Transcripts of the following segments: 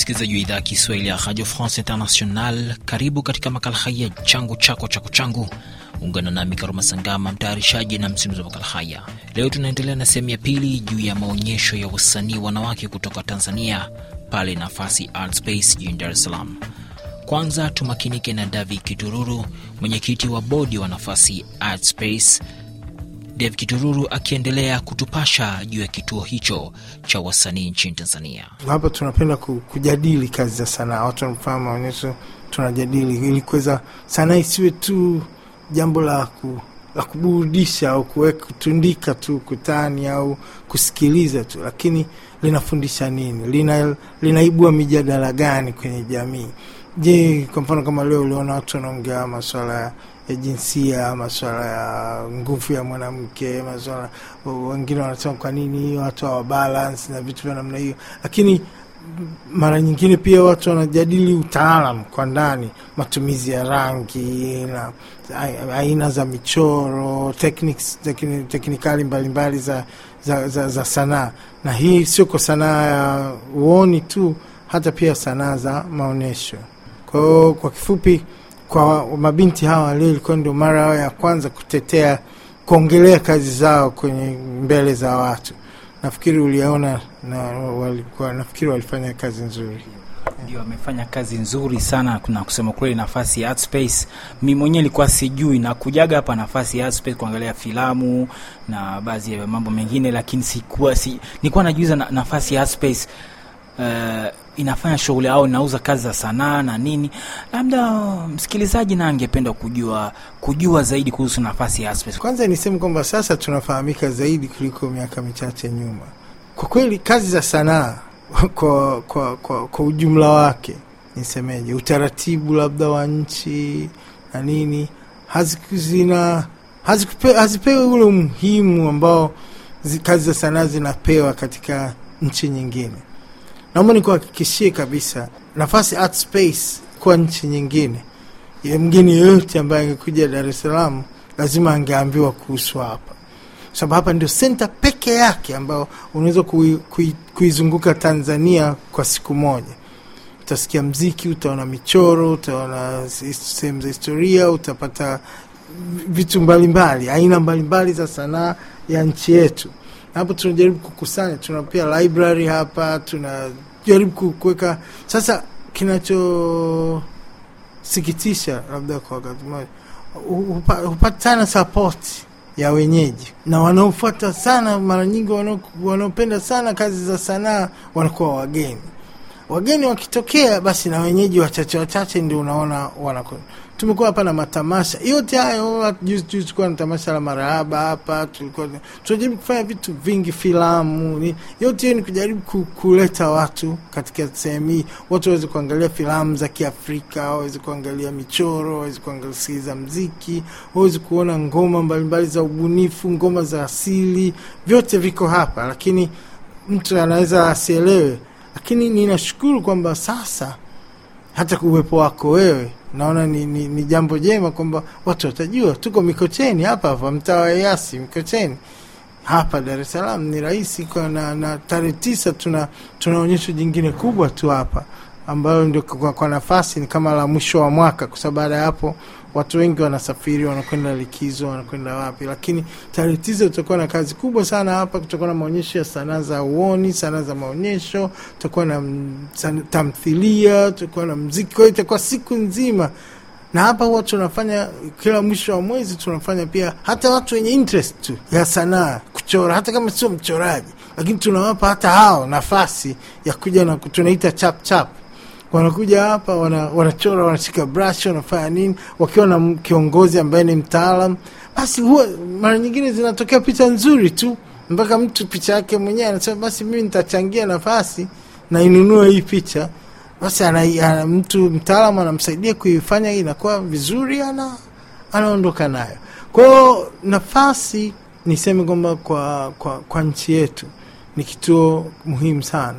msikilizaji wa idhaa ya Kiswahili ya Radio France International, karibu katika makala haya changu chako chako changu. Ungana nami Karuma Sangama, mtayarishaji na msimuzi wa makala haya. Leo tunaendelea na sehemu ya pili juu ya maonyesho ya wasanii wanawake kutoka Tanzania pale Nafasi Art Space jijini Dar es Salaam. Kwanza tumakinike na David Kitururu, mwenyekiti wa bodi wa Nafasi Art Space David Kitururu akiendelea kutupasha juu ya kituo hicho cha wasanii nchini Tanzania. Hapa tunapenda kujadili kazi za sanaa, watu wanafahamu maonyesho, tunajadili ili kuweza sanaa isiwe tu jambo la ku la kuburudisha au kuweka kutundika tu kutani au kusikiliza tu, lakini linafundisha nini? Lina, linaibua mijadala gani kwenye jamii? Je, kwa mfano kama leo uliona watu wanaongea masuala ya jinsia, masuala ya nguvu ya mwanamke, masuala wengine wanasema kwa nini watu hawa balance na vitu vya namna hiyo, lakini mara nyingine pia watu wanajadili utaalam kwa ndani, matumizi ya rangi na aina za michoro, techniques, teknikali mbalimbali za, za, za, za sanaa, na hii sio kwa sanaa ya uoni tu, hata pia sanaa za maonyesho. Kwa hiyo kwa kifupi kwa mabinti hawa leo ilikuwa ndio mara yao ya kwanza kutetea kuongelea kazi zao kwenye mbele za watu. Nafikiri uliona na walikuwa, nafikiri walifanya kazi nzuri ndio wamefanya kazi nzuri sana na kusema kweli, nafasi ya Art Space mi mwenyewe nilikuwa sijui na kujaga hapa nafasi ya Art Space kuangalia filamu na baadhi ya mambo mengine, lakini sikuwa si, nilikuwa najuiza na, nafasi ya Art Space uh, eh, inafanya shughuli au inauza kazi za sanaa na nini. Labda msikilizaji na angependa kujua kujua zaidi kuhusu nafasi ya Aspex. Kwanza niseme kwamba sasa tunafahamika zaidi kuliko miaka michache nyuma. Kwa kweli kazi za sanaa kwa, kwa, kwa, kwa ujumla wake nisemeje, utaratibu labda wa nchi na nini, hazipewi ule umuhimu ambao kazi za sanaa zinapewa katika nchi nyingine naomba nikuhakikishie kabisa nafasi art space kuwa nchi nyingine, mgeni yoyote ambaye angekuja Dar es Salaam lazima angeambiwa kuhusu hapa, sababu hapa ndio senta peke yake ambayo unaweza kuizunguka kui, kui Tanzania kwa siku moja. Utasikia mziki, utaona michoro, utaona sehemu za historia, utapata vitu mbalimbali aina mbalimbali mbali za sanaa ya nchi yetu hapo tunajaribu kukusanya, tuna pia library hapa, tunajaribu kuweka. Sasa kinachosikitisha labda kwa wakati mmoja hupa, sana support ya wenyeji na wanaofuata sana, mara nyingi wanaopenda sana kazi za sanaa wanakuwa wageni. Wageni wakitokea, basi na wenyeji wachache wachache ndio unaona wanakwenda tumekuwa hapa na matamasha yote hayo. Juzi juzi tulikuwa na tamasha la marahaba hapa, tulikuwa tunajaribu kufanya vitu vingi, filamu. Yote hiyo ni kujaribu kuleta watu katika sehemu hii, watu waweze kuangalia filamu za Kiafrika, waweze kuangalia michoro, waweze kusikiliza mziki, waweze kuona ngoma mbalimbali mbali za ubunifu, ngoma za asili, vyote viko hapa, lakini mtu anaweza asielewe. Lakini ninashukuru kwamba sasa hata uwepo wako wewe naona ni, ni, ni jambo jema kwamba watu watajua tuko Mikocheni hapa hapa mtaa wa easi Mikocheni hapa Dar es Salaam ni rahisi na, na tarehe tisa tuna, tuna jingine kubwa tu hapa ambayo ndio kwa, kwa nafasi ni kama la mwisho wa mwaka kwa sababu baada ya hapo watu wengi wanasafiri, wanakwenda likizo, wanakwenda wapi, lakini tatizo, utakuwa na kazi kubwa sana hapa. Kutakuwa na maonyesho ya sanaa za uoni, sanaa za maonyesho, tutakuwa na tamthilia, tutakuwa na mziki. Kwa hiyo itakuwa siku nzima, na hapa huwa tunafanya kila mwisho wa mwezi, tunafanya pia hata watu wenye interest tu ya sanaa kuchora, hata kama sio mchoraji, lakini tunawapa hata hao nafasi ya kuja na tunaita chap chap wanakuja hapa wana, wanachora wanashika brush wanafanya nini, wakiwa na kiongozi ambaye ni mtaalam, basi huwa mara nyingine zinatokea picha nzuri tu, mpaka mtu picha yake mwenyewe anasema basi mimi nitachangia nafasi na inunue hii picha. Basi ana, mtu mtaalam anamsaidia kuifanya inakuwa vizuri, ana anaondoka nayo. kwao nafasi niseme kwamba kwa, kwa, kwa nchi yetu ni kituo muhimu sana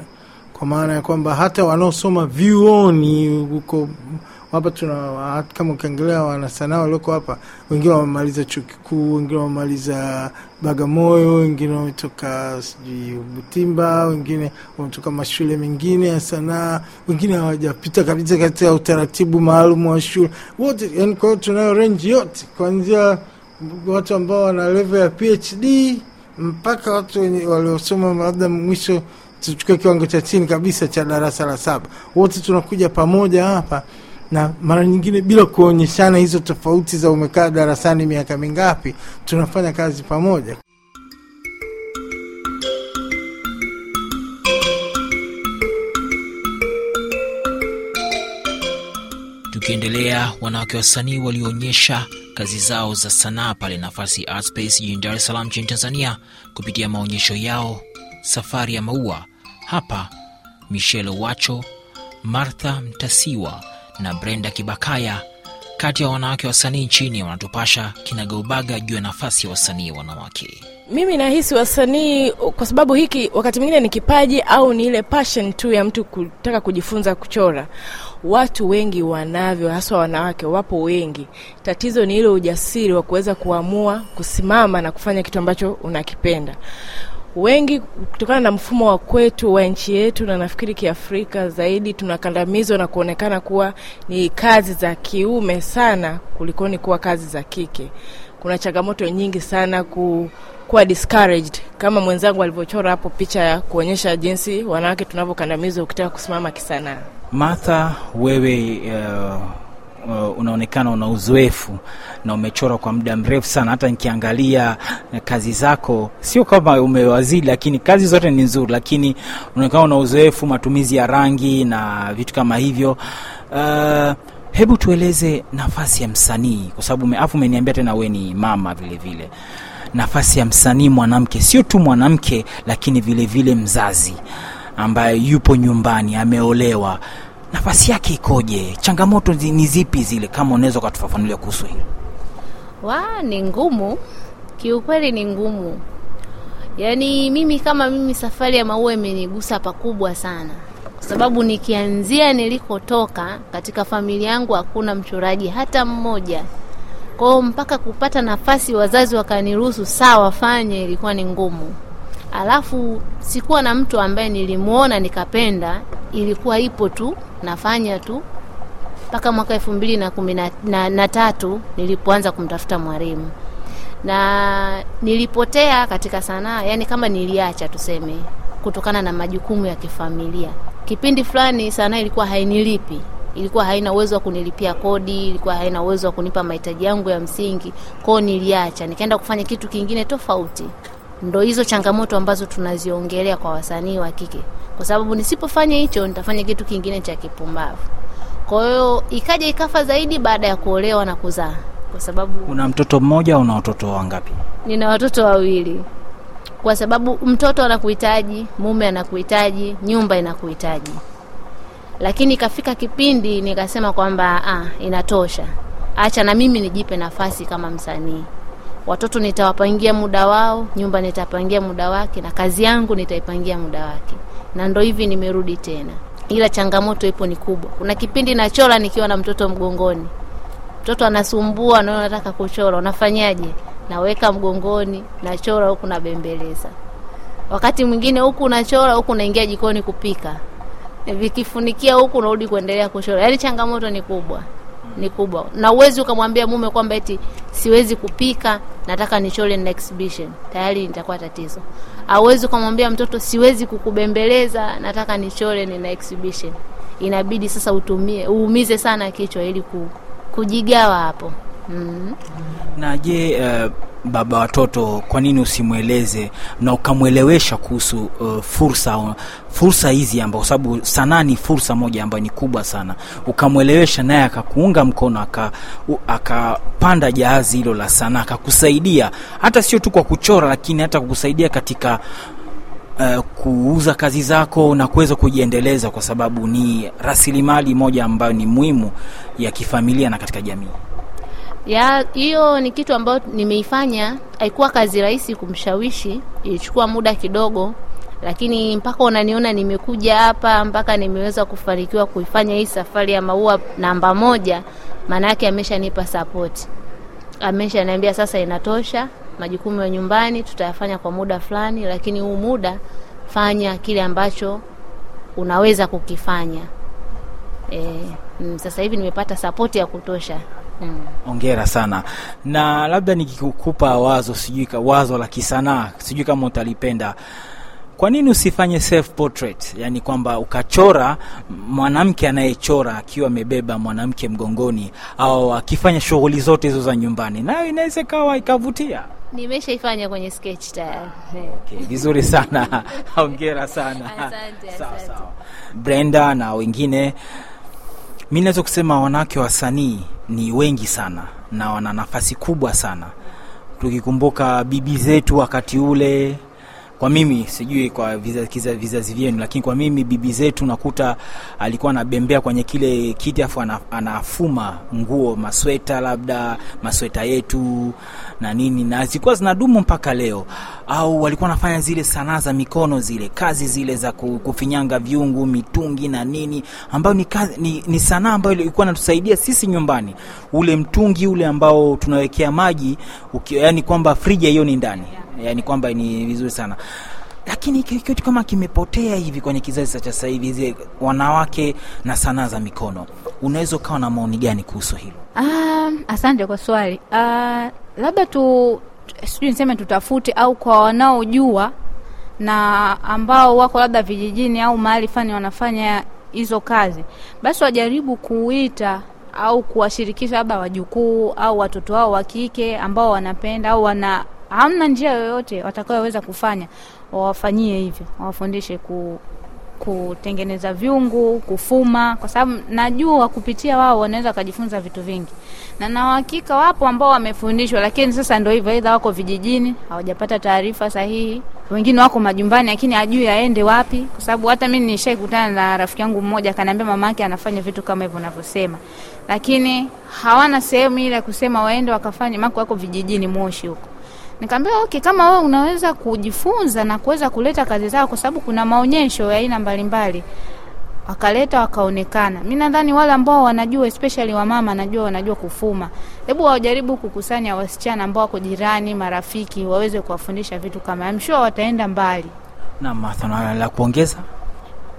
kwa maana ya kwamba hata wanaosoma vyuoni huko hapa tuna kama ukiangalia wanasanaa walioko hapa, wengine wamemaliza chuo kikuu, wengine wamemaliza Bagamoyo, wengine wametoka sijui Butimba, wengine wametoka mashule mengine ya sanaa, wengine hawajapita kabisa katika utaratibu maalum wa shule wote. Yani kwao tunayo renji yote kwanzia watu ambao wana level ya PhD mpaka watu waliosoma labda mwisho tuchukue kiwango cha chini kabisa cha darasa la saba, wote tunakuja pamoja hapa na mara nyingine bila kuonyeshana hizo tofauti za umekaa darasani miaka mingapi, tunafanya kazi pamoja. Tukiendelea, wanawake wasanii walioonyesha kazi zao za sanaa pale Nafasi Art Space jijini Dar es Salaam nchini Tanzania kupitia maonyesho yao Safari ya Maua hapa Michel Wacho, Martha Mtasiwa na Brenda Kibakaya kati ya wanawake wasanii nchini wanatupasha kinagaubaga juu ya nafasi ya wasanii wanawake. Mimi nahisi wasanii, kwa sababu hiki wakati mwingine ni kipaji au ni ile passion tu ya mtu kutaka kujifunza kuchora. Watu wengi wanavyo, haswa wanawake, wapo wengi. Tatizo ni ile ujasiri wa kuweza kuamua kusimama na kufanya kitu ambacho unakipenda wengi kutokana na mfumo wa kwetu wa nchi yetu, na nafikiri kiafrika zaidi, tunakandamizwa na kuonekana kuwa ni kazi za kiume sana kulikoni kuwa kazi za kike. Kuna changamoto nyingi sana ku, kuwa discouraged kama mwenzangu alivyochora hapo picha ya kuonyesha jinsi wanawake tunavyokandamizwa ukitaka kusimama kisanaa. Martha, wewe uh uh, unaonekana una uzoefu na umechora kwa muda mrefu sana. Hata nikiangalia eh, kazi zako, sio kama umewazidi, lakini kazi zote ni nzuri, lakini unaonekana una uzoefu, matumizi ya rangi na vitu kama hivyo uh, hebu tueleze nafasi ya msanii, kwa sababu afu umeniambia tena we ni mama vilevile vile. Nafasi ya msanii mwanamke, sio tu mwanamke, lakini vilevile vile mzazi ambaye yupo nyumbani ameolewa nafasi yake ikoje? Changamoto ni zipi zile, kama unaweza ukatufafanulia kuhusu hilo? Wa, ni ngumu kiukweli, ni ngumu. Yaani mimi kama mimi, safari ya maua imenigusa pakubwa sana, kwa sababu nikianzia nilikotoka, katika familia yangu hakuna mchoraji hata mmoja. Kwa mpaka kupata nafasi, wazazi wakaniruhusu, sawa fanye, ilikuwa ni ngumu. Alafu sikuwa na mtu ambaye nilimwona nikapenda, ilikuwa ipo tu nafanya tu mpaka mwaka elfu mbili na kumi na, na, na tatu nilipoanza kumtafuta mwalimu na nilipotea katika sanaa, yani kama niliacha tuseme, kutokana na majukumu ya kifamilia. Kipindi fulani sanaa ilikuwa hainilipi, ilikuwa haina uwezo wa kunilipia kodi, ilikuwa haina uwezo wa kunipa mahitaji yangu ya msingi, kwao niliacha, nikaenda kufanya kitu kingine tofauti. Ndo hizo changamoto ambazo tunaziongelea kwa wasanii wa kike kwa sababu nisipofanya hicho nitafanya kitu kingine cha kipumbavu. Kwa hiyo ikaja ikafa zaidi baada ya kuolewa na kuzaa, kwa sababu una mtoto mmoja. Una watoto wangapi? Nina watoto wawili, kwa sababu mtoto anakuhitaji, mume anakuhitaji, nyumba inakuhitaji. Lakini ikafika kipindi nikasema kwamba ah, inatosha, acha na mimi nijipe nafasi kama msanii watoto nitawapangia muda wao, nyumba nitapangia muda wake, na kazi yangu nitaipangia muda wake, na ndo hivi nimerudi tena, ila changamoto ipo ni kubwa. Kuna kipindi nachola nikiwa na mtoto mgongoni, mtoto anasumbua, naona nataka kuchora, unafanyaje? Naweka mgongoni, nachora huku nabembeleza. Wakati mwingine huku nachora, huku naingia jikoni kupika, vikifunikia huku narudi kuendelea kuchora. Yaani changamoto ni kubwa ni kubwa, na uwezi ukamwambia mume kwamba eti siwezi kupika, nataka nichole na exhibition, tayari nitakuwa tatizo. Auwezi ukamwambia mtoto siwezi kukubembeleza, nataka nichole na exhibition. Inabidi sasa utumie uumize sana kichwa ili kujigawa hapo mm. na je uh, baba watoto kwa nini usimweleze na ukamwelewesha kuhusu uh, fursa fursa hizi kwa sababu sanaa ni fursa moja ambayo ni kubwa sana ukamwelewesha naye akakuunga mkono akapanda aka jahazi hilo la sanaa akakusaidia hata sio tu kwa kuchora lakini hata kukusaidia katika Uh, kuuza kazi zako na kuweza kujiendeleza kwa sababu ni rasilimali moja ambayo ni muhimu ya kifamilia na katika jamii ya hiyo ni kitu ambayo nimeifanya. Haikuwa kazi rahisi kumshawishi, ilichukua muda kidogo, lakini mpaka unaniona nimekuja hapa mpaka nimeweza kufanikiwa kuifanya hii safari ya maua namba moja, maana yake ameshanipa support, ameshaniambia sasa, inatosha, majukumu ya nyumbani tutayafanya kwa muda fulani, lakini huu muda fanya kile ambacho unaweza kukifanya. E, sasa hivi nimepata sapoti ya kutosha mm. Ongera sana na labda nikikupa wazo, sijui wazo la kisanaa, sijui kama utalipenda kwa nini usifanye self portrait, yaani kwamba ukachora mwanamke anayechora akiwa amebeba mwanamke mgongoni au akifanya shughuli zote hizo za nyumbani, nayo inaweza ikawa ikavutia. Nimeshaifanya kwenye sketch tayari. Okay, vizuri sana ongera sana. Asante, asante. Sawa sawa, Brenda na wengine Mi naweza kusema wanawake wasanii ni wengi sana na wana nafasi kubwa sana, tukikumbuka bibi zetu wakati ule kwa mimi sijui kwa vizazi viza vyenu, lakini kwa mimi bibi zetu nakuta alikuwa anabembea kwenye kile kiti afu anafuma nguo, masweta, labda masweta yetu na nini, na zilikuwa zinadumu mpaka leo. Au walikuwa wanafanya zile sanaa za mikono, zile kazi zile za kufinyanga viungu, mitungi na nini, ambayo ni, kazi, ni, ni sanaa ambayo ilikuwa inatusaidia sisi nyumbani, ule mtungi ule ambao tunawekea maji uki, yani kwamba frija hiyo ni ndani yani kwamba ni vizuri sana lakini kitu kama kimepotea hivi kwenye kizazi cha sasa hivi, hizi wanawake na sanaa za mikono, unaweza ukawa na maoni gani kuhusu hilo? Um, asante kwa swali. Uh, labda tu sijui niseme tutafute au kwa wanaojua na ambao wako labda vijijini au mahali fani wanafanya hizo kazi, basi wajaribu kuita au kuwashirikisha labda wajukuu au watoto wao wa kike ambao wanapenda au wana hamna njia yoyote watakayoweza kufanya, wawafanyie hivyo, wawafundishe ku kutengeneza vyungu, kufuma, kwa sababu najua kupitia wao wanaweza wakajifunza vitu vingi, na na uhakika wapo ambao wamefundishwa, lakini sasa ndio hivyo, aidha wako vijijini hawajapata taarifa sahihi, wengine wako majumbani, lakini ajui aende wapi, kwa sababu hata mimi nishaikutana na rafiki yangu mmoja akaniambia yake anafanya vitu kama hivyo unavyosema, lakini hawana sehemu ile ya kusema waende wakafanye, mako wako vijijini Moshi huko Nikaambia okay, kama wewe unaweza kujifunza na kuweza kuleta kazi zako, kwa sababu kuna maonyesho ya aina mbalimbali wakaleta wakaonekana. Mi nadhani wale ambao wanajua especially wamama najua wanajua kufuma, hebu wajaribu kukusanya wasichana ambao wako jirani, marafiki, waweze kuwafundisha vitu kama amshua sure wataenda mbali. Na la kuongeza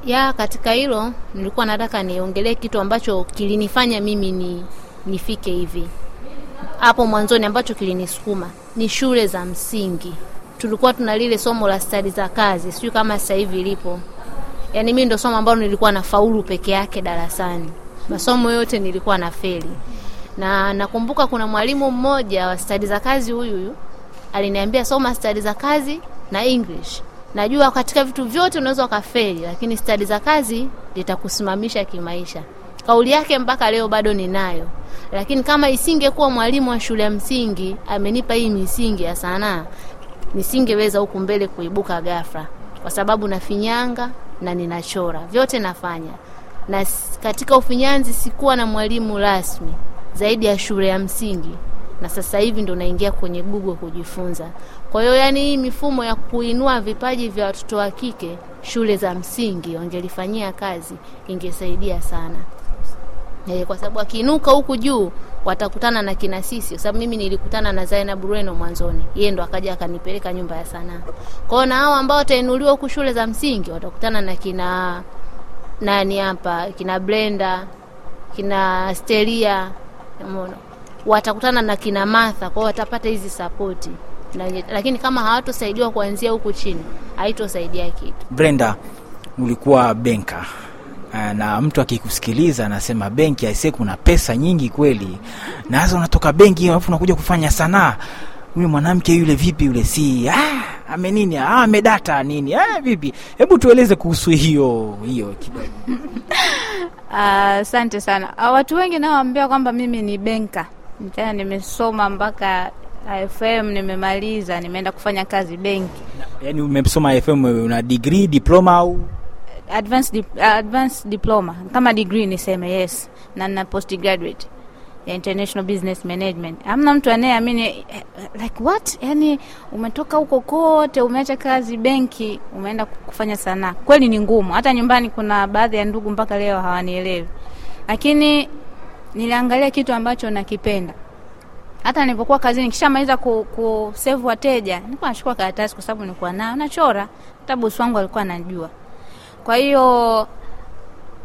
ya katika hilo, nilikuwa nataka niongelee kitu ambacho kilinifanya mimi ni nifike hivi hapo mwanzoni ambacho kilinisukuma ni shule za msingi. Tulikuwa tuna lile somo la stadi za kazi, sijui kama sasa hivi lipo. Yaani mimi ndo somo ambalo nilikuwa na faulu peke yake darasani, masomo yote nilikuwa na feli. Na nakumbuka kuna mwalimu mmoja wa stadi za kazi, huyu huyu aliniambia soma stadi za kazi na English. Najua katika vitu vyote unaweza ukafeli, lakini stadi za kazi litakusimamisha kimaisha. Kauli yake mpaka leo bado ninayo lakini kama isingekuwa mwalimu wa shule ya msingi amenipa hii misingi ya sanaa, nisingeweza huku mbele kuibuka ghafla, kwa sababu nafinyanga na ninachora vyote nafanya, na katika ufinyanzi sikuwa na mwalimu rasmi zaidi ya shule ya msingi na sasa hivi ndo naingia kwenye Google kujifunza. Kwa hiyo yani, hii mifumo ya kuinua vipaji vya watoto wa kike shule za msingi wangelifanyia kazi, ingesaidia sana. E, kwa sababu akiinuka huku juu watakutana na kina sisi, kwa sababu mimi nilikutana na Zainab Reno mwanzoni, yeye ndo akaja akanipeleka nyumba ya sanaa. Kwa hiyo na hao ambao watainuliwa huku shule za msingi watakutana na kina nani hapa, kina Brenda, kina Stelia, umeona, watakutana na kina Martha, kwa watapata hizi sapoti na, lakini kama hawatosaidiwa kuanzia huku chini haitosaidia kitu. Brenda, ulikuwa benka Eh, na mtu akikusikiliza anasema benki aise kuna pesa nyingi kweli, na hasa unatoka benki alafu unakuja kufanya sanaa. Huyu mwanamke yule vipi yule, si ah, ame nini ah, ame data nini ah, vipi? Hebu tueleze kuhusu hiyo hiyo kidogo. Ah, asante uh, sana. Uh, watu wengi nawaambia kwamba mimi ni benka, tena nimesoma mpaka IFM nimemaliza, nimeenda kufanya kazi benki. Yaani umesoma fm una degree diploma au advanced, uh, advanced diploma kama degree niseme, yes, na na postgraduate ya international business management. amna mtu anayeamini like what? Yani umetoka huko kote, umeacha kazi benki, umeenda kufanya sanaa. Kweli ni ngumu, hata nyumbani kuna baadhi ya ndugu mpaka leo hawanielewi, lakini niliangalia kitu ambacho nakipenda. Hata nilipokuwa kazini, kishamaliza ku, ku save wateja, nilikuwa nachukua karatasi, kwa sababu nilikuwa nayo nachora. Hata bosi wangu alikuwa anajua kwa hiyo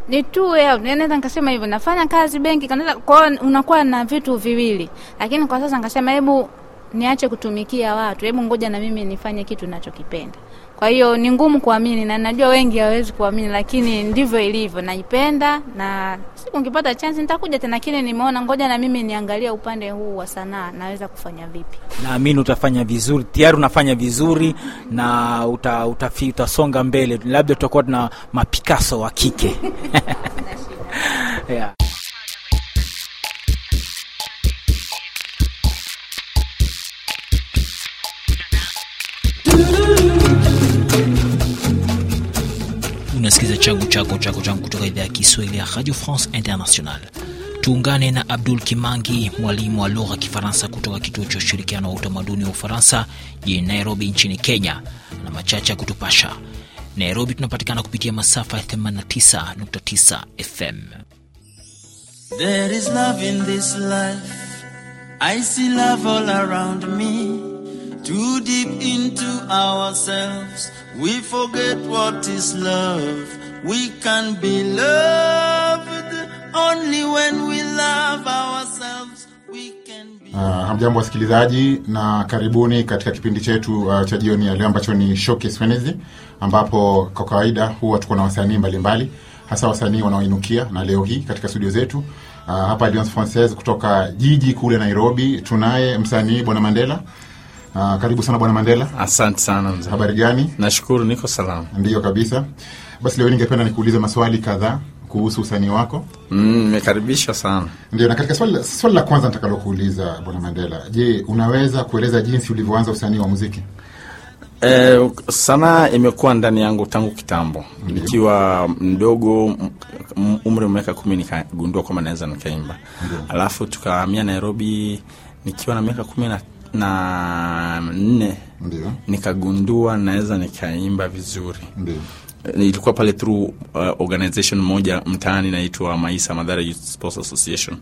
ni tu naweza nikasema hivyo, nafanya kazi benki kanaweza kwa unakuwa na vitu viwili, lakini kwa sasa nikasema hebu niache kutumikia watu, hebu ngoja na mimi nifanye kitu ninachokipenda. Kwa hiyo ni ngumu kuamini, na najua wengi hawawezi kuamini, lakini ndivyo ilivyo. Naipenda na siku nikipata chance nitakuja tena, lakini nimeona ngoja na mimi niangalia upande huu wa sanaa, naweza kufanya vipi. Naamini utafanya vizuri, tayari unafanya vizuri na uta, utafi, utasonga mbele, labda tutakuwa tuna mapikaso wa kike yeah. kusikiliza changu chako chako changu kutoka idhaa ya Kiswahili ya Radio France International. Tuungane na Abdul Kimangi, mwalimu wa lugha Kifaransa kutoka kituo cha ushirikiano wa utamaduni wa Ufaransa jini Nairobi nchini Kenya, na machache ya kutupasha. Nairobi tunapatikana kupitia masafa ya 89.9 FM. There is love in this life. I see love all around me. Too deep into ourselves, we forget what is love. We can be loved only when we love ourselves. We can be... Uh, hamjambo wasikilizaji na karibuni katika kipindi chetu uh, cha jioni ya leo ambacho ni Showcase Wednesday ambapo kwa kawaida huwa tuko na wasanii mbalimbali hasa wasanii wanaoinukia na leo hii katika studio zetu uh, hapa Alliance Francaise kutoka jiji kule Nairobi tunaye msanii Bwana Mandela Uh, karibu sana Bwana Mandela. Asante sana mzee. Habari gani? Nashukuru niko salama. Ndiyo kabisa. Basi leo ningependa nikuulize maswali kadhaa kuhusu usanii wako. Mm, nimekaribishwa mm, sana. Ndio, na katika swali, swali la kwanza nitakalo kuuliza Bwana Mandela, je, unaweza kueleza jinsi ulivyoanza usanii wa muziki? Eh, sanaa imekuwa ndani yangu tangu kitambo. Ndiyo. Nikiwa mdogo umri wa miaka kumi nikagundua kwamba naweza nikaimba, alafu tukahamia Nairobi nikiwa na miaka kumi na na nne nikagundua naweza nikaimba vizuri Ndiyo. ilikuwa pale through uh, organization moja mtaani naitwa maisa madhara association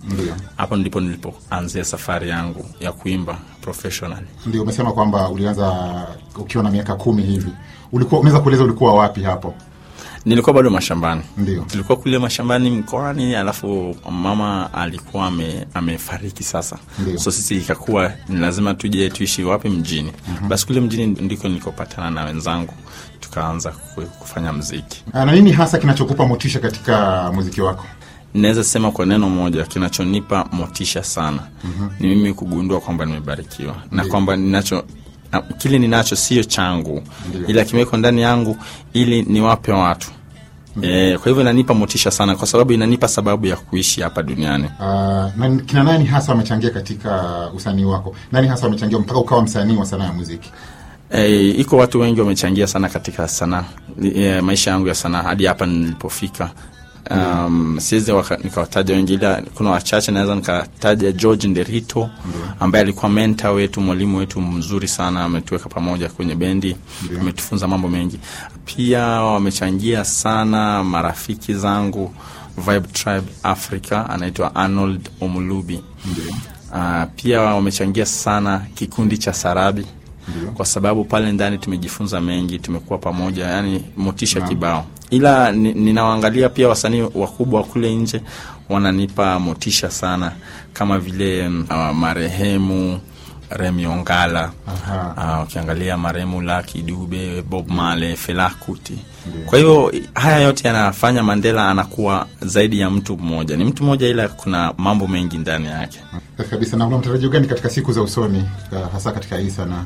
hapo ndipo nilipoanzia safari yangu ya kuimba professionally ndio umesema kwamba ulianza ukiwa na miaka kumi hivi ulikuwa unaweza kueleza ulikuwa wapi hapo nilikuwa bado mashambani tulikuwa kule mashambani mkoani alafu mama alikuwa ame, amefariki sasa Ndiyo. so sisi ikakuwa ni lazima tuje tuishi wapi mjini mm-hmm. basi kule mjini ndiko nilikopatana na wenzangu tukaanza kufanya mziki ah, na nini hasa kinachokupa motisha katika muziki wako naweza sema kwa neno moja kinachonipa motisha sana mm-hmm. ni mimi kugundua kwamba nimebarikiwa na kwamba ninacho Ah, kile ninacho sio changu, ila kimewekwa ndani yangu ili niwape watu. E, kwa hivyo inanipa motisha sana kwa sababu inanipa sababu ya kuishi hapa duniani. Uh, na kina nani hasa wamechangia katika usanii wako? Nani hasa wamechangia mpaka ukawa msanii wa sanaa ya muziki? E, iko watu wengi wamechangia sana katika sanaa e, maisha yangu ya sanaa hadi hapa nilipofika. Mm. Um, siwezi nikawataja wengine, kuna wachache naweza nikataja George Nderito mm. ambaye alikuwa menta wetu, mwalimu wetu mzuri sana, ametuweka pamoja kwenye bendi mm. ametufunza mambo mengi. Pia wamechangia sana marafiki zangu Vibe Tribe Africa, anaitwa Arnold Omulubi mm. uh, pia wamechangia sana kikundi cha Sarabi kwa sababu pale ndani tumejifunza mengi, tumekuwa pamoja, yani motisha Ndiyo. kibao. Ila ninawaangalia pia wasanii wakubwa kule nje wananipa motisha sana, kama vile uh, marehemu Remi Ongala, ah, ukiangalia uh, marehemu laki Dube, Bob male felakuti Kwa hiyo haya yote yanafanya Mandela anakuwa zaidi ya mtu mmoja, ni mtu mmoja, ila kuna mambo mengi ndani yake kabisa. Na una mtarajio gani katika siku za usoni, ah, hasa katika hii sanaa?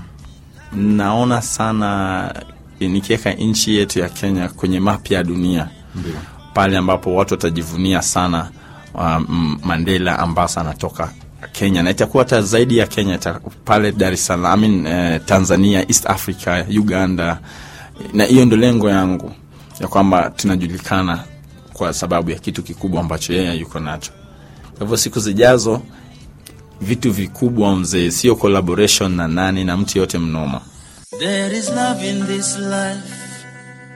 naona sana nikiweka nchi yetu ya Kenya kwenye mapya ya dunia Mbili. pale ambapo watu watajivunia sana um, Mandela ambasa anatoka Kenya na itakuwa hata zaidi ya Kenya pale Dar es Salaam, I mean, eh, Tanzania, East Africa, Uganda, na hiyo ndo lengo yangu ya kwamba tunajulikana kwa sababu ya kitu kikubwa ambacho yeye yuko nacho. Kwa hivyo siku zijazo vitu vikubwa mzee, sio collaboration na nani na mtu yote mnoma. There is love in this life.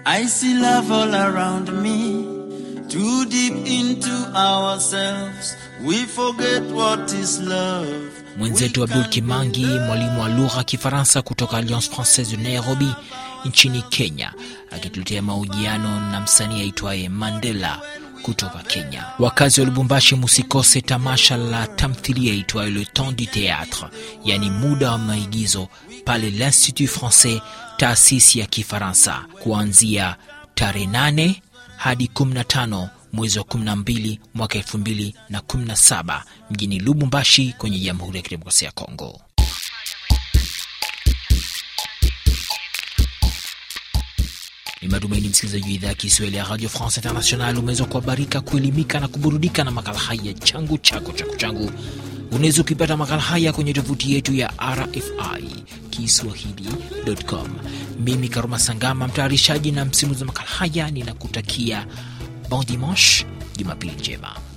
I see love all around me. Too deep into ourselves. We forget what is love. Mwenzetu Abdul Kimangi, mwalimu wa lugha Kifaransa kutoka Alliance Francaise de Nairobi nchini Kenya, akituletea mahojiano na msanii aitwaye Mandela kutoka Kenya. Wakazi wa Lubumbashi, musikose tamasha la tamthilia itwayo Le Temps du théatre yaani muda wa maigizo pale l'Institut Francais, taasisi ya Kifaransa, kuanzia tarehe 8 hadi 15 mwezi wa 12 mwaka 2017 mjini Lubumbashi kwenye Jamhuri ya Kidemokrasia ya Kongo. matumaini msikilizaji wa idhaa ya Kiswahili ya Radio France International umeweza kuhabarika, kuelimika na kuburudika na makala haya changu chako chako changu. Unaweza ukipata makala haya kwenye tovuti yetu ya RFI Kiswahili.com. Mimi Karuma Sangama, mtayarishaji na msimulizi wa makala haya, ninakutakia bon dimanche, Jumapili njema.